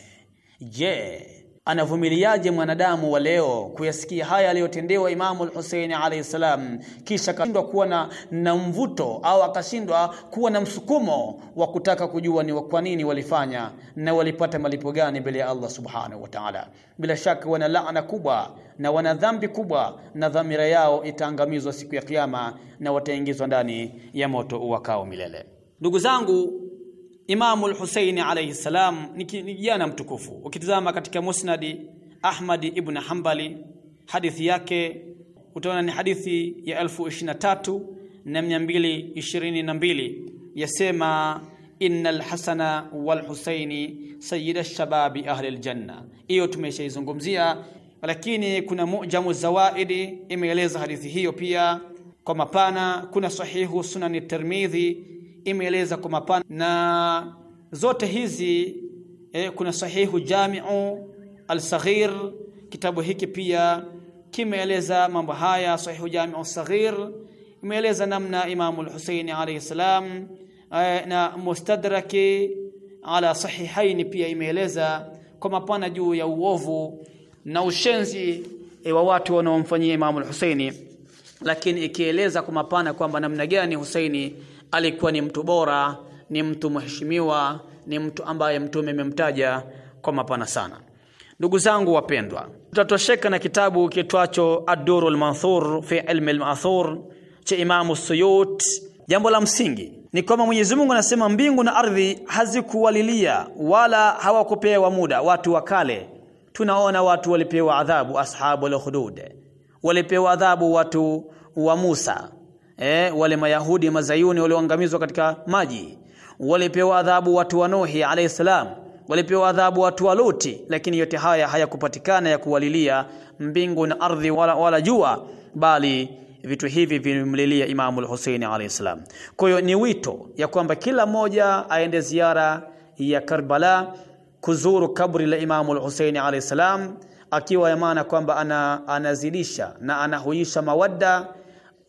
Je, Anavumiliaje mwanadamu wa leo kuyasikia haya aliyotendewa Imamu al hussein alayhi salam, kisha akashindwa kuwa na, na mvuto au akashindwa kuwa na msukumo wa kutaka kujua ni kwa nini walifanya na walipata malipo gani mbele ya Allah subhanahu wa ta'ala. Bila shaka wana laana kubwa na wana dhambi kubwa, na dhamira yao itaangamizwa siku ya Kiyama na wataingizwa ndani ya moto uwakao milele. Ndugu zangu Imamu al-Husaini alayhi salam ni kijana mtukufu. Ukitizama katika Musnadi Ahmad ibn hambali hadithi yake utaona ni hadithi ya 1023 na 222 yasema innal hasana wal husaini sayyida shababi ahli aljanna. Hiyo tumeshaizungumzia, lakini kuna mujamu zawaidi imeeleza hadithi hiyo pia kwa mapana. Kuna sahihu sunani Tirmidhi imeeleza kwa mapana, na zote hizi eh, kuna sahihu jamiu al-saghir. Kitabu hiki pia kimeeleza mambo haya. Sahihu jamiu al-saghir imeeleza namna Imamu al-Husaini alayhi salam eh, na mustadraki ala sahihaini pia imeeleza kwa mapana juu ya uovu na ushenzi eh, wa watu wanaomfanyia Imamu al-Husaini, lakini ikieleza kwa mapana kwamba namna gani Husaini alikuwa ni mtu bora, ni mtu mheshimiwa, ni mtu ambaye mtume amemtaja kwa mapana sana. Ndugu zangu wapendwa, tutatosheka na kitabu kitwacho Ad-Durr manthur fi ilmi al-Ma'thur cha Imamu Suyut. Jambo la msingi ni kwamba Mwenyezi Mungu anasema mbingu na ardhi hazikuwalilia wala hawakupewa muda. Watu wa kale tunaona watu walipewa adhabu, ashabu al-hudud walipewa adhabu watu wa Musa eh, wale mayahudi mazayuni walioangamizwa katika maji, walipewa adhabu watu wa Nuhi alayhi salam, walipewa adhabu watu wa Luti, lakini yote haya hayakupatikana ya kuwalilia mbingu na ardhi wala, wala jua, bali vitu hivi vimlilia Imamu al hussein alayhi salam. Kwa hiyo ni wito ya kwamba kila mmoja aende ziara ya Karbala kuzuru kabri la Imamu al hussein alayhi salam, akiwa ya maana kwamba anazidisha ana na anahuisha mawadda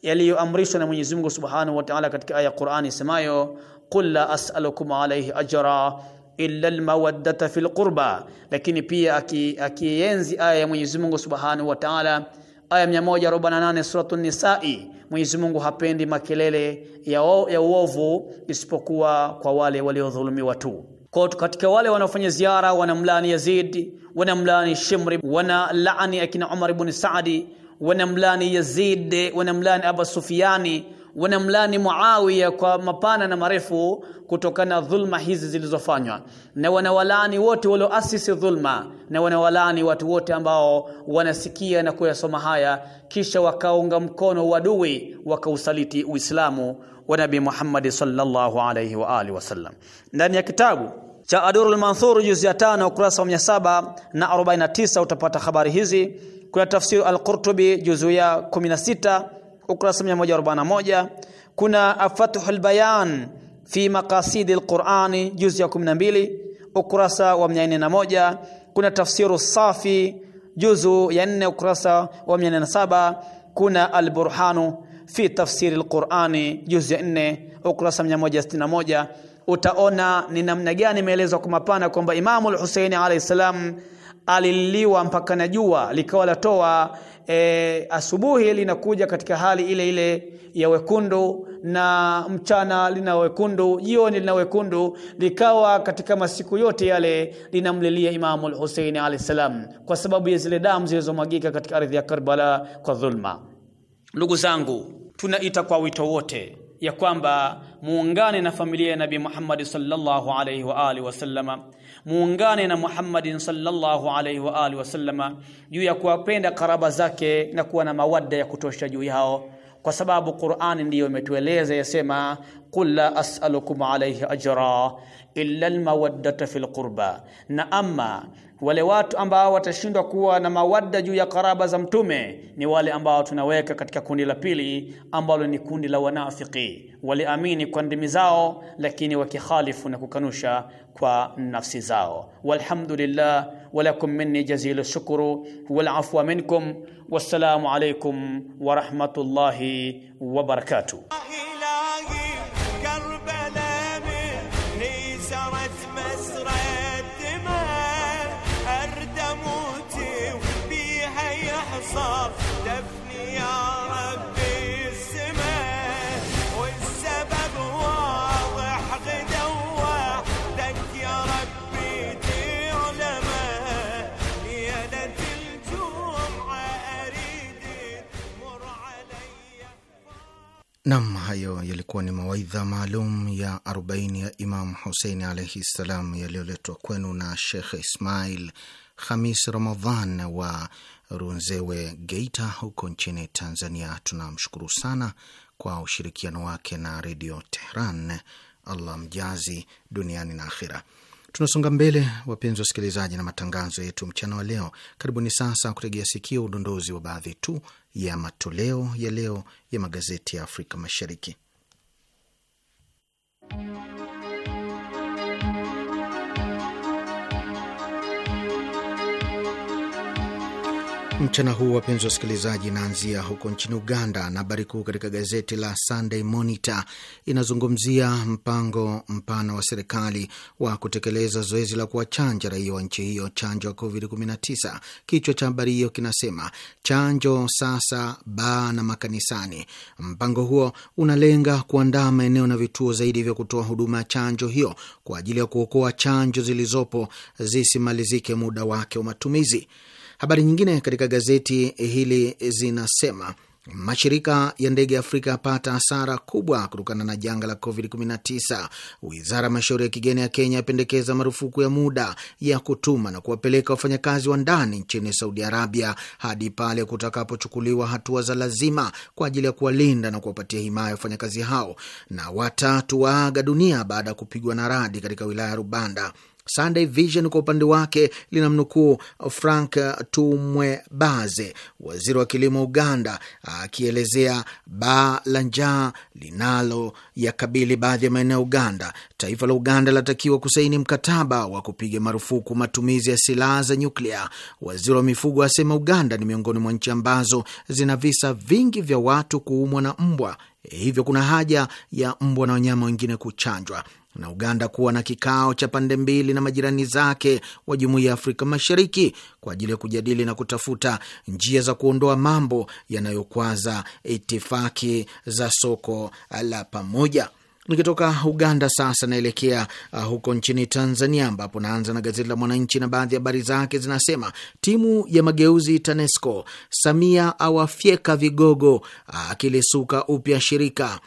yaliyoamrishwa na Mwenyezi Mungu Subhanahu wa Ta'ala katika aya ya Qur'ani isemayo qul la as'alukum alayhi ajra illa almawaddata fil qurba, lakini pia akienzi aya ya Mwenyezi Mungu Subhanahu wa Ta'ala aya 148 Suratu Nisa'i, Mwenyezi Mungu hapendi makelele ya, o, ya uovu isipokuwa kwa wale waliodhulumiwa tu. Kwa katika wale wanaofanya ziara wanamlani Yazid, wanamlani Shimri, wana laani akina Umar ibn Saadi wanamlani Yazid, wanamlani Abu Sufiani, wanamlani Muawiya kwa mapana na marefu, kutokana na dhulma hizi zilizofanywa, na wanawalani wote walioasisi dhulma, na wanawalani watu wote ambao wanasikia na kuyasoma haya, kisha wakaunga mkono wadui wakausaliti Uislamu wa Nabii Muhammad sallallahu alayhi wa alihi wasallam. Ndani ya kitabu cha Adurul Manthur juzu ya 5 ukurasa wa 749 utapata habari hizi kuna tafsiri al-Qurtubi juzu ya 16 ukurasa 141 kuna al bayan fi maqasid al-Qur'an juzu ya 12 ukurasa wa 41, kuna tafsiru safi juzu ya 4 ukurasa wa 47, kuna al-Burhanu fi tafsiri al-Qur'ani juzu ya 4 ukurasa 161 utaona ni namna gani imeelezwa kwa mapana kwamba Imamul Husaini alayhi salam aliliwa mpaka na jua likawa latoa e, asubuhi linakuja katika hali ile ile ya wekundu na mchana lina wekundu jioni lina wekundu likawa katika masiku yote yale linamlilia Imamu al-Husaini alayhi salam kwa sababu ya zile damu zilizomwagika katika ardhi ya Karbala kwa dhulma ndugu zangu tunaita kwa wito wote ya kwamba muungane na familia ya Nabii Muhammad sallallahu alaihi wa alihi wasallama muungane na Muhammad sallallahu alaihi wa alihi wasallama juu ya kuwapenda karaba zake na kuwa na mawadda ya kutosha juu yao kwa sababu Qur'ani ndiyo imetueleza yasema, qul la as'alukum alayhi ajra illa almawaddata fil qurba. Na ama wale watu ambao watashindwa kuwa na mawadda juu ya karaba za mtume ni wale ambao tunaweka katika kundi la pili, ambalo ni kundi la wanafiki. Waliamini kwa ndimi zao, lakini wakikhalifu na kukanusha kwa nafsi zao. walhamdulillah ولكم مني جزيل الشكر والعفو منكم والسلام عليكم ورحمة الله وبركاته Nam, hayo yalikuwa ni mawaidha maalum ya 40 ya Imam Husein alaihi ssalam, yaliyoletwa kwenu na Shekh Ismail Khamis Ramadhan wa Runzewe, Geita, huko nchini Tanzania. Tunamshukuru sana kwa ushirikiano wake na Redio Tehran. Allah mjazi duniani na akhira. Tunasonga mbele, wapenzi wasikilizaji, na matangazo yetu mchana wa leo. Karibuni sasa kutegea sikio udondozi wa baadhi tu ya matoleo ya leo ya magazeti ya Afrika Mashariki. Mchana huu wapenzi wa wasikilizaji, inaanzia huko nchini Uganda, na habari kuu katika gazeti la Sunday Monitor inazungumzia mpango mpana wa serikali wa kutekeleza zoezi la kuwachanja raia wa nchi hiyo chanjo ya COVID-19. Kichwa cha habari hiyo kinasema chanjo sasa baa na makanisani. Mpango huo unalenga kuandaa maeneo na vituo zaidi vya kutoa huduma ya chanjo hiyo kwa ajili ya kuokoa chanjo zilizopo zisimalizike muda wake wa matumizi. Habari nyingine katika gazeti hili zinasema mashirika ya ndege ya Afrika yapata hasara kubwa kutokana na janga la COVID-19. Wizara ya mashauri ya kigeni ya Kenya yapendekeza marufuku ya muda ya kutuma na kuwapeleka wafanyakazi wa ndani nchini Saudi Arabia hadi pale kutakapochukuliwa hatua za lazima kwa ajili ya kuwalinda na kuwapatia himaya wafanyakazi hao. Na watatu waaga dunia baada ya kupigwa na radi katika wilaya ya Rubanda. Sunday Vision kwa upande wake linamnukuu Frank Tumwebaze, waziri wa kilimo Uganda, akielezea baa la njaa linalo yakabili baadhi ya maeneo ya Uganda. Taifa la Uganda linatakiwa kusaini mkataba wa kupiga marufuku matumizi ya silaha za nyuklia. Waziri wa mifugo asema Uganda ni miongoni mwa nchi ambazo zina visa vingi vya watu kuumwa na mbwa, hivyo kuna haja ya mbwa na wanyama wengine kuchanjwa na Uganda kuwa na kikao cha pande mbili na majirani zake wa Jumuiya ya Afrika Mashariki kwa ajili ya kujadili na kutafuta njia za kuondoa mambo yanayokwaza itifaki za soko la pamoja. Nikitoka Uganda sasa naelekea uh, huko nchini Tanzania, ambapo naanza na gazeti la Mwananchi na baadhi ya habari zake zinasema: timu ya mageuzi TANESCO, Samia awafyeka vigogo, uh, akilisuka uh, upya shirika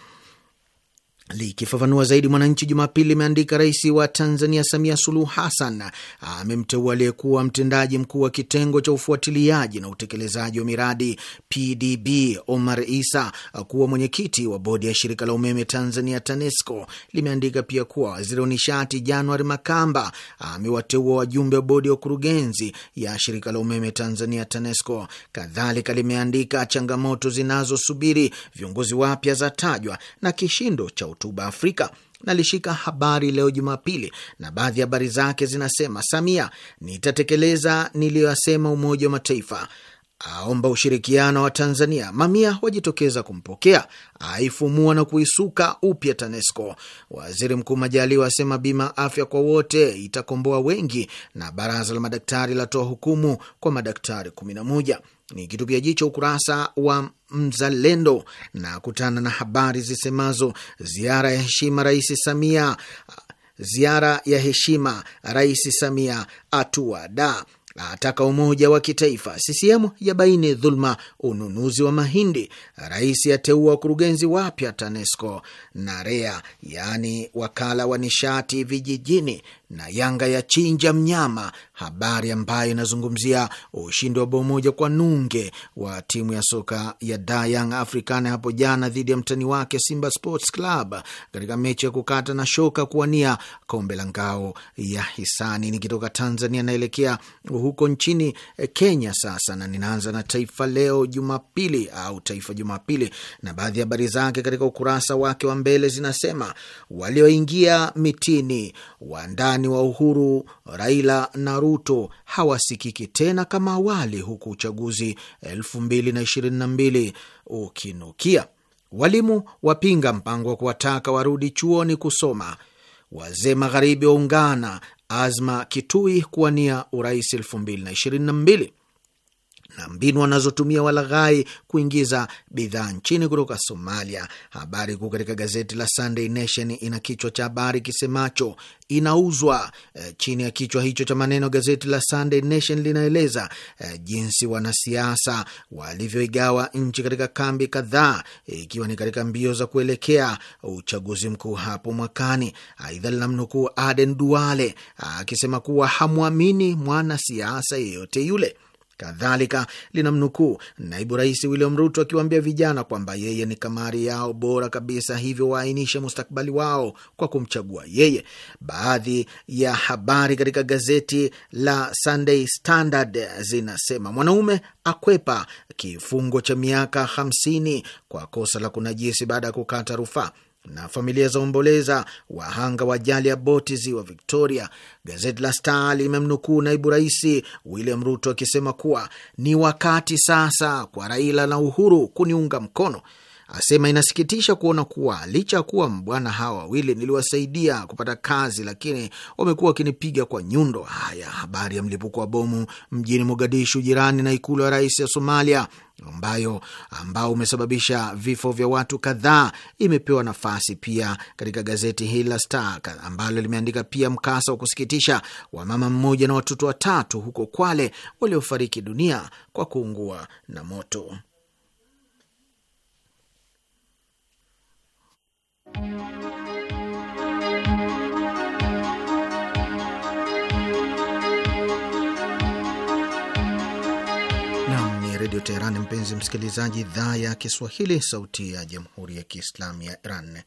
Likifafanua zaidi, Mwananchi Jumapili limeandika rais wa Tanzania Samia Suluhu Hassan amemteua aliyekuwa mtendaji mkuu wa kitengo cha ufuatiliaji na utekelezaji wa miradi PDB Omar Isa kuwa mwenyekiti wa bodi ya shirika la umeme Tanzania TANESCO. Limeandika pia kuwa waziri wa nishati Januari Makamba amewateua wajumbe wa bodi ya ukurugenzi ya shirika la umeme Tanzania TANESCO. Kadhalika limeandika changamoto zinazosubiri viongozi wapya zatajwa na kishindo cha hotuba Afrika. Nalishika habari leo Jumapili na baadhi ya habari zake zinasema: Samia, nitatekeleza niliyoyasema. Umoja wa Mataifa aomba ushirikiano wa Tanzania. Mamia wajitokeza kumpokea, aifumua na kuisuka upya TANESCO. Waziri Mkuu Majaliwa asema bima afya kwa wote itakomboa wengi, na baraza la madaktari latoa hukumu kwa madaktari kumi moja ni kitupia jicho ukurasa wa Mzalendo na kutana na habari zisemazo ziara ya heshima Rais Samia, ziara ya heshima Rais Samia atua da ataka umoja wa kitaifa. CCM yabaini dhulma ununuzi wa mahindi. Rais ateua wakurugenzi wapya TANESCO na REA, yaani wakala wa nishati vijijini, na Yanga ya chinja mnyama, habari ambayo inazungumzia ushindi wa bao moja kwa nunge wa timu ya soka ya Da Young African hapo jana dhidi ya mtani wake Simba Sports Club katika mechi ya kukata na shoka kuwania kombe la ngao ya hisani. Nikitoka Tanzania naelekea huko nchini Kenya sasa, na ninaanza na Taifa Leo Jumapili au Taifa Jumapili Jumapili, na baadhi ya habari zake katika ukurasa wake wa mbele zinasema walioingia mitini, wandani wa Uhuru, Raila na Ruto hawasikiki tena kama awali, huku uchaguzi 2022 ukinukia. Walimu wapinga mpango wa kuwataka warudi chuoni kusoma. Wazee magharibi waungana azma Kitui kuwania urais 2022 na mbinu wanazotumia walaghai kuingiza bidhaa nchini kutoka Somalia. Habari kuu katika gazeti la Sunday Nation ina kichwa cha habari kisemacho inauzwa. E, chini ya kichwa hicho cha maneno gazeti la Sunday Nation linaeleza e, jinsi wanasiasa walivyoigawa nchi katika kambi kadhaa, e, ikiwa ni katika mbio za kuelekea uchaguzi mkuu hapo mwakani. Aidha, linamnukuu Aden Duale akisema kuwa hamwamini mwanasiasa yeyote yule. Kadhalika linamnukuu naibu rais William Ruto akiwaambia vijana kwamba yeye ni kamari yao bora kabisa, hivyo waainishe mustakabali wao kwa kumchagua yeye. Baadhi ya habari katika gazeti la Sunday Standard zinasema mwanaume akwepa kifungo cha miaka hamsini kwa kosa la kunajisi baada ya kukata rufaa na familia za omboleza wahanga wa ajali ya boti ziwa Victoria. Gazeti la Star limemnukuu naibu rais William Ruto akisema kuwa ni wakati sasa kwa Raila na Uhuru kuniunga mkono asema inasikitisha kuona kuwa licha ya kuwa mbwana hawa wawili niliwasaidia kupata kazi, lakini wamekuwa wakinipiga kwa nyundo. Haya, habari ya mlipuko wa bomu mjini Mogadishu, jirani na ikulu ya rais ya Somalia ambayo ambao umesababisha vifo vya watu kadhaa imepewa nafasi pia katika gazeti hili la Star ambalo limeandika pia mkasa wa kusikitisha wa mama mmoja na watoto watatu huko Kwale waliofariki dunia kwa kuungua na moto. Nam ni Redio Teheran, mpenzi msikilizaji, idhaa ya Kiswahili, sauti ya jamhuri ya kiislamu ya Iran.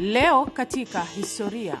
Leo katika historia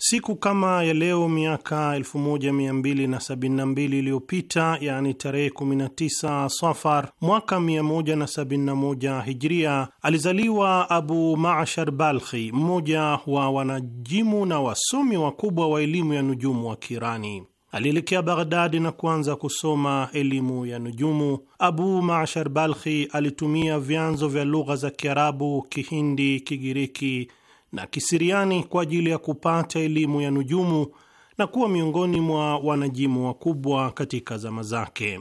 Siku kama ya leo miaka 1272 iliyopita, yaani tarehe 19 Safar mwaka 171 Hijria, alizaliwa Abu Mashar Balkhi, mmoja wa wanajimu na wasomi wakubwa wa elimu ya nujumu wa Kiirani. Alielekea Baghdadi na kuanza kusoma elimu ya nujumu. Abu Mashar Balkhi alitumia vyanzo vya lugha za Kiarabu, Kihindi, Kigiriki na Kisiriani kwa ajili ya kupata elimu ya nujumu na kuwa miongoni mwa wanajimu wakubwa katika zama zake.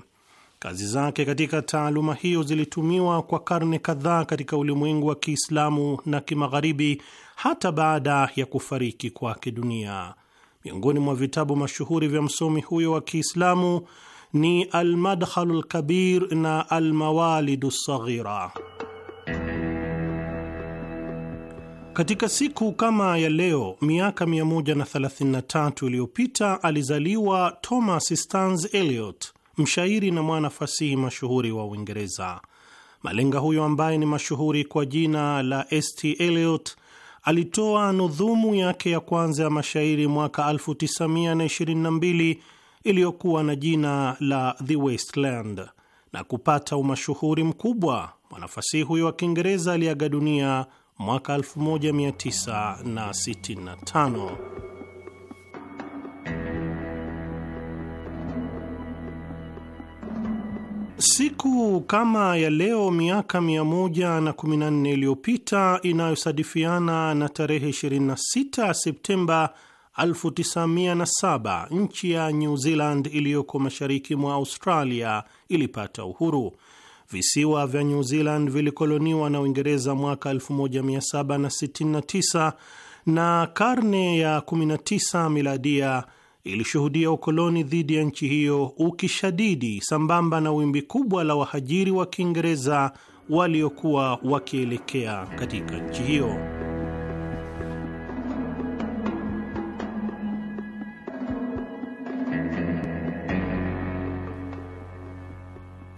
Kazi zake katika taaluma hiyo zilitumiwa kwa karne kadhaa katika ulimwengu wa Kiislamu na Kimagharibi hata baada ya kufariki kwake dunia. Miongoni mwa vitabu mashuhuri vya msomi huyo wa Kiislamu ni Almadkhalu lkabir na Almawalidu lsaghira. Katika siku kama ya leo miaka 133 iliyopita alizaliwa Thomas Stans Eliot, mshairi na mwana fasihi mashuhuri wa Uingereza. Malenga huyo ambaye ni mashuhuri kwa jina la St Eliot alitoa nudhumu yake ya kwanza ya mashairi mwaka 1922 iliyokuwa na jina la The Wasteland na kupata umashuhuri mkubwa. Mwanafasihi huyo wa Kiingereza aliaga dunia mwaka 1965. Siku kama ya leo miaka 114 iliyopita inayosadifiana na tarehe 26 Septemba 1907 nchi ya New Zealand iliyoko mashariki mwa Australia ilipata uhuru. Visiwa vya New Zealand vilikoloniwa na Uingereza mwaka 1769 na karne ya 19 miladia ilishuhudia ukoloni dhidi ya nchi hiyo ukishadidi sambamba na wimbi kubwa la wahajiri wa Kiingereza waliokuwa wakielekea katika nchi hiyo.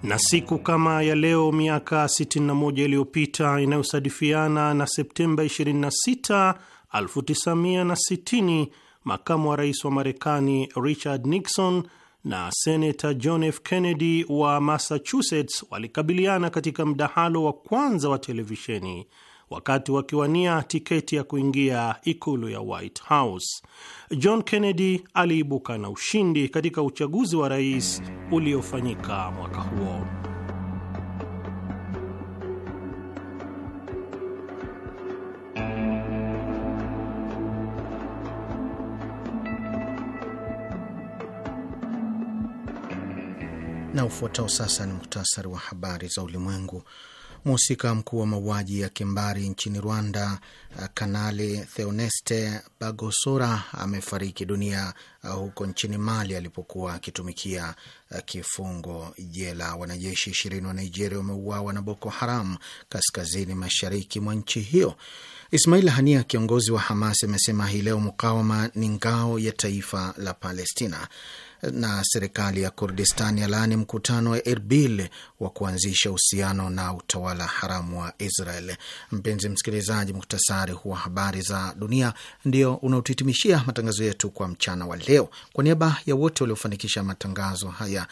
na siku kama ya leo miaka 61 iliyopita inayosadifiana na Septemba 26, 1960 makamu wa rais wa Marekani Richard Nixon na senata John F. Kennedy wa Massachusetts walikabiliana katika mdahalo wa kwanza wa televisheni wakati wakiwania tiketi ya kuingia ikulu ya White House. John Kennedy aliibuka na ushindi katika uchaguzi wa rais uliofanyika mwaka huo. Na ufuatao sasa ni muhtasari wa habari za ulimwengu mhusika mkuu wa mauaji ya kimbari nchini Rwanda, uh, Kanali Theoneste Bagosora amefariki dunia uh, huko nchini Mali alipokuwa akitumikia uh, kifungo jela. Wanajeshi ishirini wa Nigeria wameuawa na Boko Haram kaskazini mashariki mwa nchi hiyo. Ismail Hania, kiongozi wa Hamas, amesema hii leo mukawama ni ngao ya taifa la Palestina na serikali ya Kurdistan yalaani mkutano wa Erbil wa kuanzisha uhusiano na utawala haramu wa Israel. Mpenzi msikilizaji, muktasari wa habari za dunia ndio unaotuhitimishia matangazo yetu kwa mchana wa leo. Kwa niaba ya wote waliofanikisha matangazo haya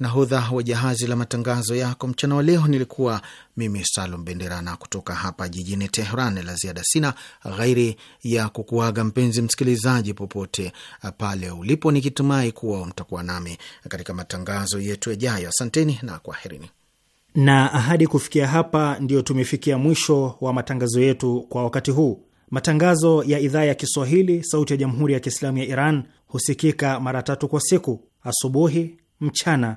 nahodha wa jahazi la matangazo yako mchana wa leo nilikuwa mimi Salum Benderana kutoka hapa jijini Tehran. La ziada sina ghairi ya kukuaga mpenzi msikilizaji, popote pale ulipo, nikitumai kuwa mtakuwa nami katika matangazo yetu yajayo. Asanteni na kwaherini na ahadi. Kufikia hapa, ndiyo tumefikia mwisho wa matangazo yetu kwa wakati huu. Matangazo ya idhaa ya Kiswahili sauti ya jamhuri ya Kiislamu ya Iran husikika mara tatu kwa siku: asubuhi, mchana